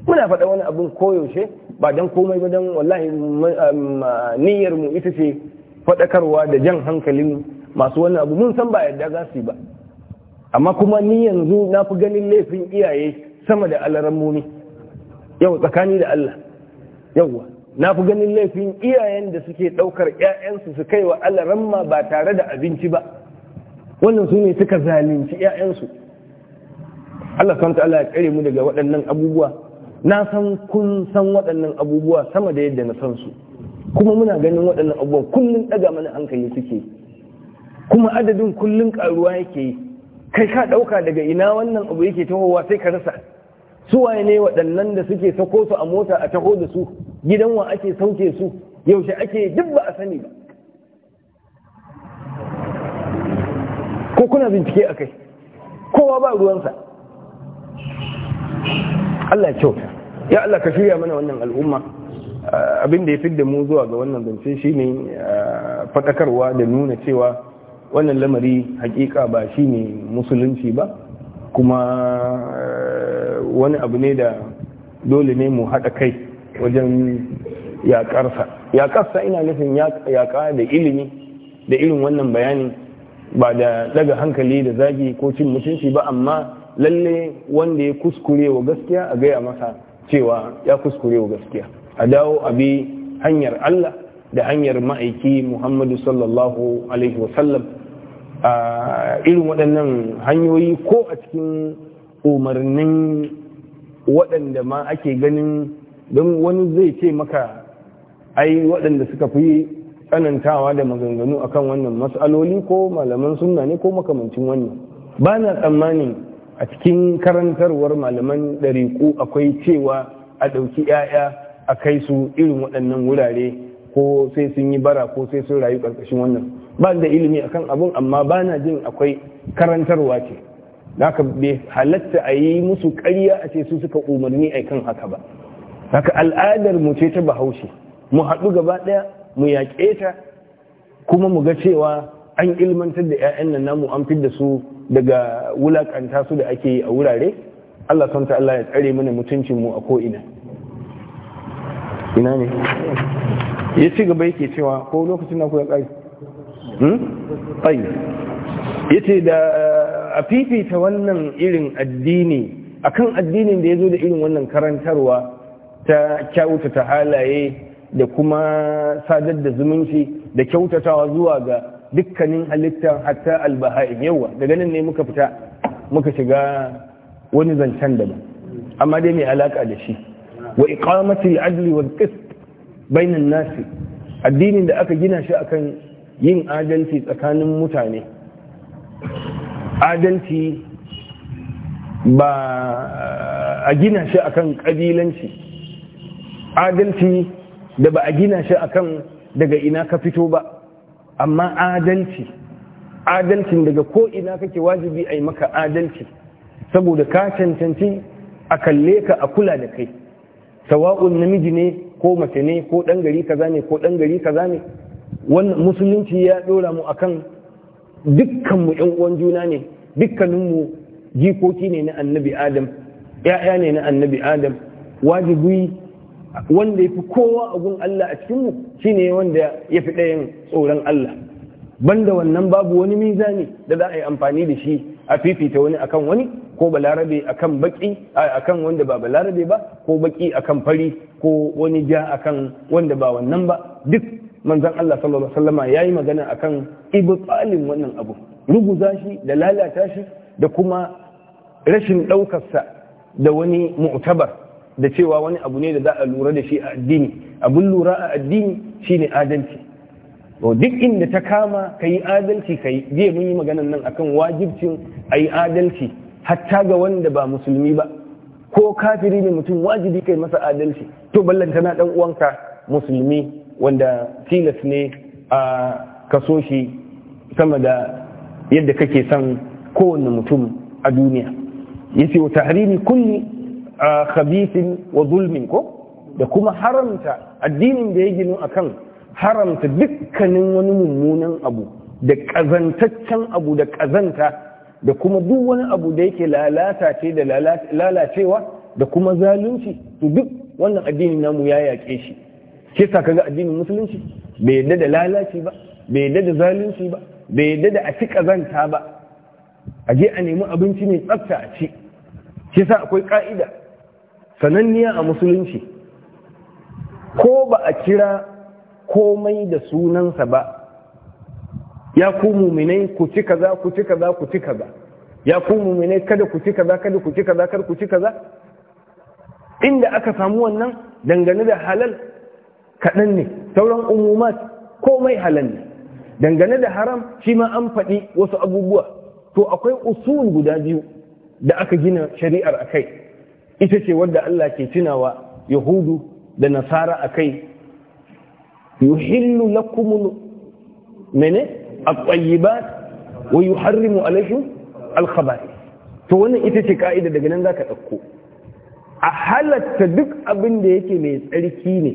muna faɗa wani abin koyaushe ba don komai ba don wallahi niyyar mu um, ita ce faɗakarwa da jan hankalin masu wani abu mun san ba yarda za su yi ba amma kuma ni yanzu na fi ganin laifin iyaye sama da alarammomi yau tsakani da Allah yauwa na fi ganin laifin iyayen da suke ɗaukar 'ya'yansu su kai wa alaramma ba tare da abinci ba wannan su ne suka zalunci 'ya'yansu Allah santa ta'ala ya kare mu daga waɗannan abubuwa na san kun san waɗannan abubuwa sama da yadda na san su kuma muna ganin waɗannan abubuwa kullum ɗaga mana hankali suke kuma adadin kullum ƙaruwa yake yi kai ka ɗauka daga ina wannan abu yake tahowa sai ka rasa su waye ne waɗannan da suke sako su a mota a taho da su gidan wa ake sauke su yaushe ake duk ba a sani ba ko kuna bincike a kai kowa ba ruwansa Allah ya kyauta ya Allah ka shirya mana wannan al'umma abin da ya fidda mu zuwa ga wannan zance shine eh, faɗakarwa da nuna cewa wannan lamari hakika ba shi ne musulunci ba kuma eh, wani abu ne da dole ne mu haɗa kai wajen yaƙarsa yaƙarsa ina nufin yaƙa da ilimi da irin wannan bayani ba da daga hankali da zagi ko cin mutunci ba amma lalle wanda ya kuskure wa gaskiya a gaya masa cewa ya kuskure wa gaskiya a dawo abi hanyar Allah da hanyar ma'aiki Muhammadu sallallahu alaihi wasallam A irin waɗannan hanyoyi ko a cikin umarnin waɗanda ma ake ganin don wani zai ce maka ai waɗanda suka fi tsanantawa da maganganu akan wannan matsaloli ko malaman sunna ne ko makamancin wannan ba na tsammanin a cikin karantarwar malaman ɗariƙu akwai cewa a ɗauki 'ya'ya a kai su irin waɗannan wurare ko sai sun yi bara ko sai sun rayu ƙarƙashin wannan ba da ilimi akan abun amma ba na jin akwai karantarwa ce aka bai halatta a yi musu ƙarya a ce su suka umarni a kan haka ba haka al'adar mu ce ta bahaushe mu haɗu gaba ɗaya mu yaƙe ta kuma mu ga cewa an ilmantar da 'ya'yan nan namu an fidda su daga wulaƙanta su da ake yi a wurare Allah san ta Allah ya tsare mana mutuncin mu a ko'ina ina ne ya ci gaba yake cewa ko lokacin na kuwa ƙari Hmm? Ya ce da a fifita wannan irin addini akan addinin da ya zo da irin wannan karantarwa ta kyautata halaye da kuma sadar da zumunci da kyautatawa zuwa ga dukkanin halittar hatta albaha'in yawa daga nan ne muka fita muka shiga wani zancen daban amma dai mai alaka da shi wa iqamati al-adli wal qist bainan nasi addinin da aka gina shi akan yin adalci tsakanin mutane adalci ba a gina shi akan kabilanci adalci da ba a gina shi akan daga ina ka fito ba amma adalci adalcin daga ko ina kake wajibi a yi maka adalci saboda ka cancanci a kalle ka a kula da kai sawa'un namiji ne ko mace ne ko ɗan gari kaza ne ko ɗan gari kaza ne wannan musulunci ya dora mu akan dukkan mu ƴan uwan juna ne dukkanin jikoki ne na annabi adam yaya ne na annabi adam wajibi wanda ya fi kowa a gun Allah a cikin mu shine wanda ya fi ɗayan tsoron Allah banda wannan babu wani miza ne da za a yi amfani da shi a fifita wani akan wani ko balarabe akan baki akan wanda ba balarabe ba ko baki akan fari ko wani ja akan wanda ba wannan ba duk manzan Allah sallallahu alaihi wasallama yayi magana akan ibtalin wannan abu ruguza shi da lalata shi da kuma rashin ɗaukarsa da wani mu'tabar da cewa wani abu ne da za a lura da shi a addini abun lura a addini shine adalci duk inda ta kama ka adalci kai yi jiya mun yi maganan nan akan wajibcin a adalci hatta ga wanda ba musulmi ba ko kafiri ne mutum wajibi kai masa adalci to ballantana dan uwanka musulmi wanda tilas ne a kaso shi sama da yadda kake son kowane mutum a duniya yace wa tahrimi kulli khabithin wa zulmin ko da kuma haramta addinin da ya ginu akan haramta dukkanin wani mummunan abu da ƙazantaccen abu da ƙazanta da kuma duk wani abu da yake lalata ce da lalacewa da kuma zalunci to duk wannan addini namu ya yaƙe shi ke sa kaga addinin musulunci bai yadda da lalaci ba bai yadda da zalunci ba bai yadda da a ci kazanta ba a je a nemi abinci mai tsafta a ci Kisa sa akwai ka'ida sananniya a musulunci ko ba a kira komai da sunansa ba ya ku muminai ku ci kaza ku ci kaza ku ci kaza ya ku muminai kada ku ci kaza kada ku ci kaza kada ku ci kaza inda aka samu wannan dangane da halal kaɗan ne sauran umumat komai halal ne dangane da haram shi ma an faɗi wasu abubuwa to akwai usul guda biyu da aka gina shari'ar akai kai ita ce wadda Allah ke tunawa yahudu da nasara akai kai yuhillu lakum mene at-tayyibat wa yuharrimu alaykum al-khaba'ith to wannan ita ce ka'ida daga nan zaka dauko a halatta duk abin da yake mai tsarki ne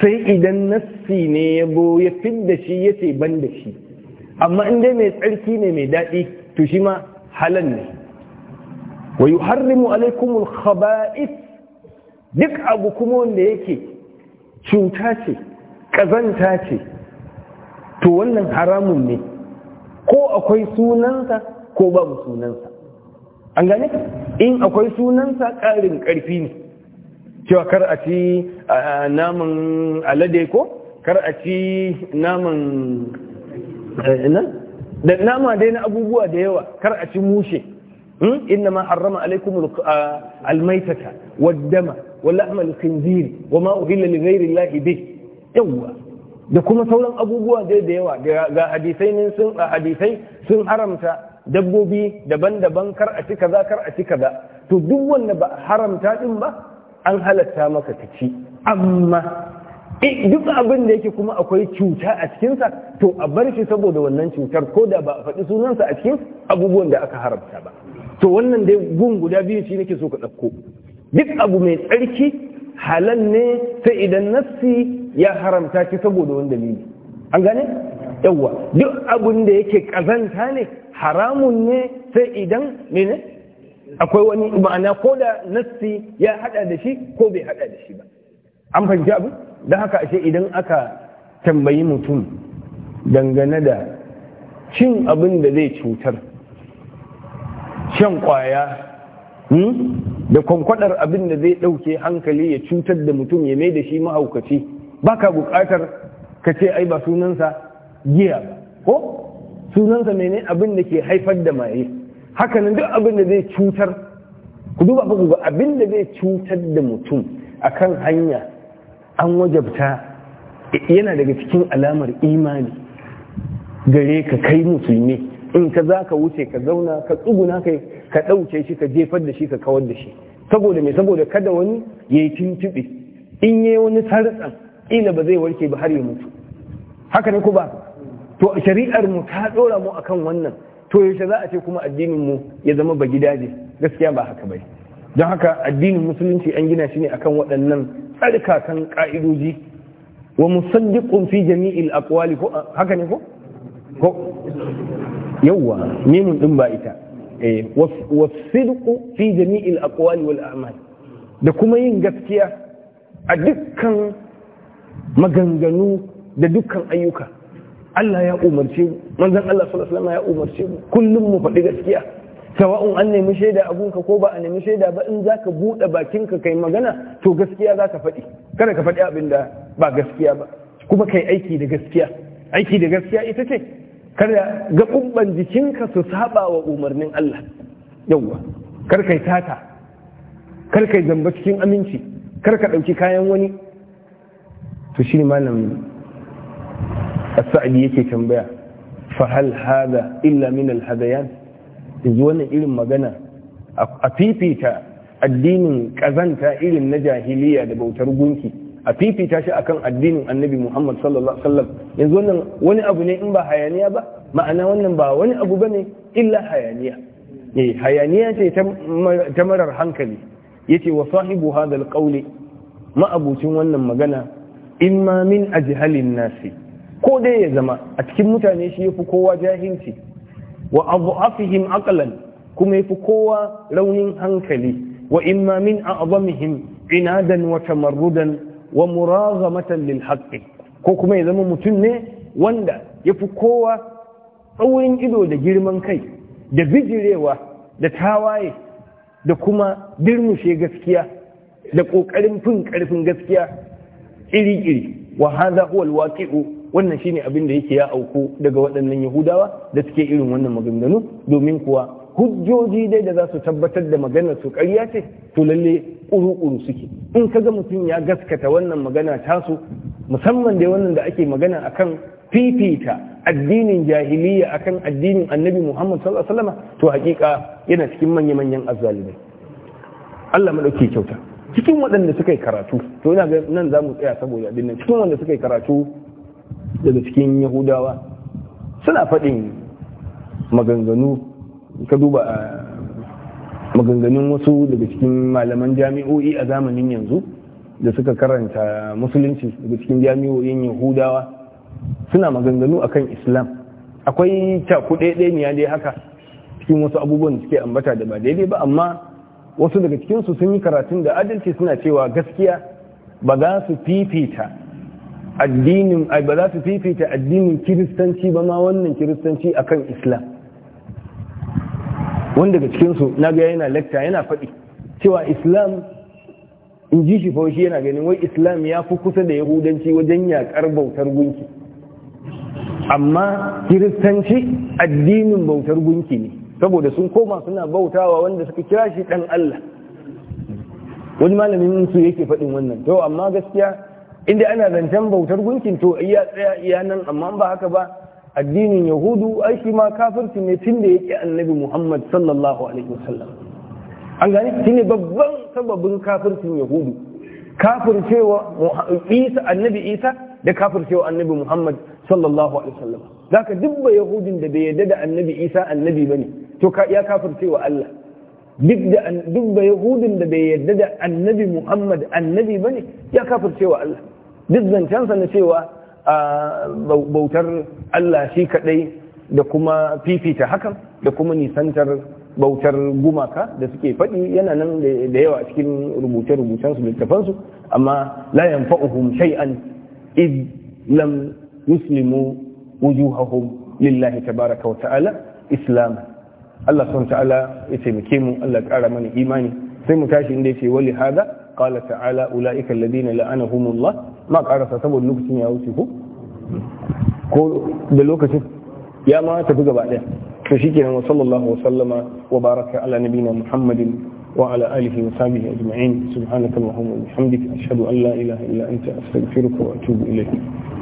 sai idan nassi ne ya bo ya da shi ya ce ban da shi amma in dai mai tsarki ne mai daɗi to shi ma halal ne wa yuharrimu alaikumul khaba'is duk abu kuma wanda yake cuta ce kazanta ce to wannan haramun ne ko akwai sunansa ko babu sunansa an gane in akwai sunansa ƙarin ƙarfi ne cewa kar a ci naman alade ko kar a ci naman eh, da nama dai na abubuwa da yawa kar a ci mushe hmm? inna ma harrama alaikum almaitata waddama واللحم الخنزير وما أهل لغير الله به يوا da kuma sauran abubuwa dai da yawa ga hadisai sun hadisai sun haramta dabbobi daban-daban kar a ci kaza kar a ci kaza to duk wanda ba haramta din ba an halatta maka ta ci amma eh, duk abin da yake kuma akwai cuta a cikinsa to a bar shi saboda wannan cutar ko da ba a faɗi sunansa a cikin abubuwan da aka haramta ba to wannan dai gun guda biyu shi nake so ka ɗauko duk abu mai tsarki halal ne sai idan nassi ya haramta shi saboda wani dalili an gane yawwa duk abin da yake ƙazanta ne haramun ne sai idan mene akwai wani ma'ana ko da nassi ya hada da shi ko bai hada da shi ba an fahimci abin don haka ashe idan aka tambayi mutum dangane da cin abin da zai cutar shan kwaya hmm, da kwankwadar abin da zai ɗauke hankali ya cutar da mutum ya mai da shi mahaukaci baka buƙatar ka ce ai ba sunansa giya ba ko sunansa mene abin da ke haifar da maye hakanan duk abin da zai cutar ku duba ku ga abin da zai cutar da mutum akan hanya an wajabta yana daga cikin alamar imani gare ka kai musulmi in ka za ka wuce ka zauna ka tsuguna kai ka ɗauke shi ka jefar da shi ka kawar da shi saboda mai saboda kada wani ya yi tuntuɓe in yi wani sartsan ila ba zai warke ba har ya mutu haka ne ku ba to shari'ar mu ta ɗora mu akan wannan to yaushe za a ce kuma addinin mu ya zama ba gida gidaje gaskiya ba haka bai don haka addinin musulunci an gina shi ne akan waɗannan tsarkakan ka'idoji wa musaddiqun fi jami'il aqwali ko haka ne ko ko yawwa mimun din ba ita eh wasidqu fi jami'il aqwali wal a'mal da kuma yin gaskiya a dukkan maganganu da dukkan ayyuka Allah ya umarce mu manzon Allah sallallahu alaihi ya umarce mu kullum mu faɗi gaskiya sawa'un an nemi shaida a ka ko ba a nemi shaida ba in zaka buɗe bakinka kai magana to gaskiya zaka faɗi kada ka faɗi abin da ba gaskiya ba kuma kai aiki da gaskiya aiki da gaskiya ita ce kada gaɓuɓɓan jikinka su saba wa umarnin Allah yawwa kar kai tata kar kai zamba cikin aminci kar ka ɗauki kayan wani to shi malam as-sa'di yake tambaya fa hal hada illa min al yanzu wannan irin magana a fifita addinin ƙazanta irin na jahiliya da bautar gunki a fifita shi akan addinin annabi muhammad sallallahu alaihi wasallam yanzu wannan wani abu ne in ba hayaniya ba ma'ana wannan ba wani abu bane illa hayaniya eh hayaniya ce ta marar hankali yace wa sahibu hadha alqawli wannan magana imma min jihalin nasi ko dai ya zama a cikin mutane shi ya fi kowa jahilci wa afihim akalan kuma ya fi kowa raunin hankali wa imma min a'zamihim inadan wa tamarrudan wa muraghamatan lil haqq ko kuma ya zama mutum ne wanda ya fi kowa tsaurin ido da girman kai da bijirewa da tawaye da kuma dirmushe gaskiya da ƙoƙarin fin ƙarfin gaskiya iri-iri wa haza huwa alwaƙi'u wannan shine abin da yake ya auku daga waɗannan yahudawa da suke irin wannan maganganu domin kuwa hujjoji dai da za su tabbatar da maganar su ƙarya ce to lalle ƙuru-ƙuru suke in ka ga mutum ya gaskata wannan magana tasu musamman dai wannan da ake magana akan fifita addinin jahiliya akan addinin annabi muhammad sallallahu alaihi wasallam to hakika yana cikin manya-manyan azzalimi Allah madauki kyauta cikin waɗanda suka yi karatu to ina ga nan za mu tsaya saboda abin nan cikin waɗanda suka yi karatu daga cikin yahudawa suna faɗin maganganu ka duba a maganganun wasu daga cikin malaman jami'o'i a zamanin yanzu da suka karanta musulunci daga cikin jami'o'in yahudawa suna maganganu a kan islam akwai cakuɗeɗeniya dai haka cikin wasu abubuwan da suke ambata da ba daidai ba amma wasu daga cikinsu sun yi karatun da adalci suna cewa gaskiya ba za su fifita addinin ai ba za su fifita addinin kiristanci ba ma wannan kiristanci akan islam wanda daga cikinsu na ga yana lekta yana faɗi cewa islam in ji shi shi yana ganin wai islam ya fi kusa da yahudanci wajen yaƙar bautar gunki amma kiristanci addinin bautar gunki ne saboda sun koma suna bautawa wanda suka kira shi ɗan allah wani malamin su yake faɗin wannan to amma gaskiya inda ana zancen bautar gunkin to iya tsaya iya nan amma ba haka ba addinin yahudu ai shi ma kafirci ne tun da yake annabi muhammad sallallahu alaihi wasallam an gani shi ne babban sababin kafircin yahudu kafircewa isa annabi isa da kafircewa annabi muhammad sallallahu alaihi wasallam zaka dubba yahudin da bai yarda da annabi isa annabi bane to ya kafircewa allah duk da dubba yahudin da bai yarda da annabi muhammad annabi bane ya kafircewa allah duk zancensa na cewa bautar Allah shi kaɗai da kuma fifita hakan da kuma nisantar bautar gumaka da suke faɗi yana nan da yawa a cikin rubuce-rubucensu littafansu amma layan yanfa'uhum shay'an id lam yuslimu wujuhahum lillahi tabaraka wa ta'ala islam Allah subhanahu ta'ala ya taimake mu Allah ƙara mana imani sai mu tashi inda yace wali hada qala ta'ala ulaika alladhina la'anahumullah ma karasa saboda lokacin ya wuce ko ko da lokacin ya ma tafi gaba ɗaya to shi kenan wa sallallahu wa sallama wa baraka ala nabina muhammadin wa ala alihi wa sahbihi ajma'in subhanaka allahumma wa bihamdika ashhadu an la ilaha illa anta astaghfiruka wa atubu ilayk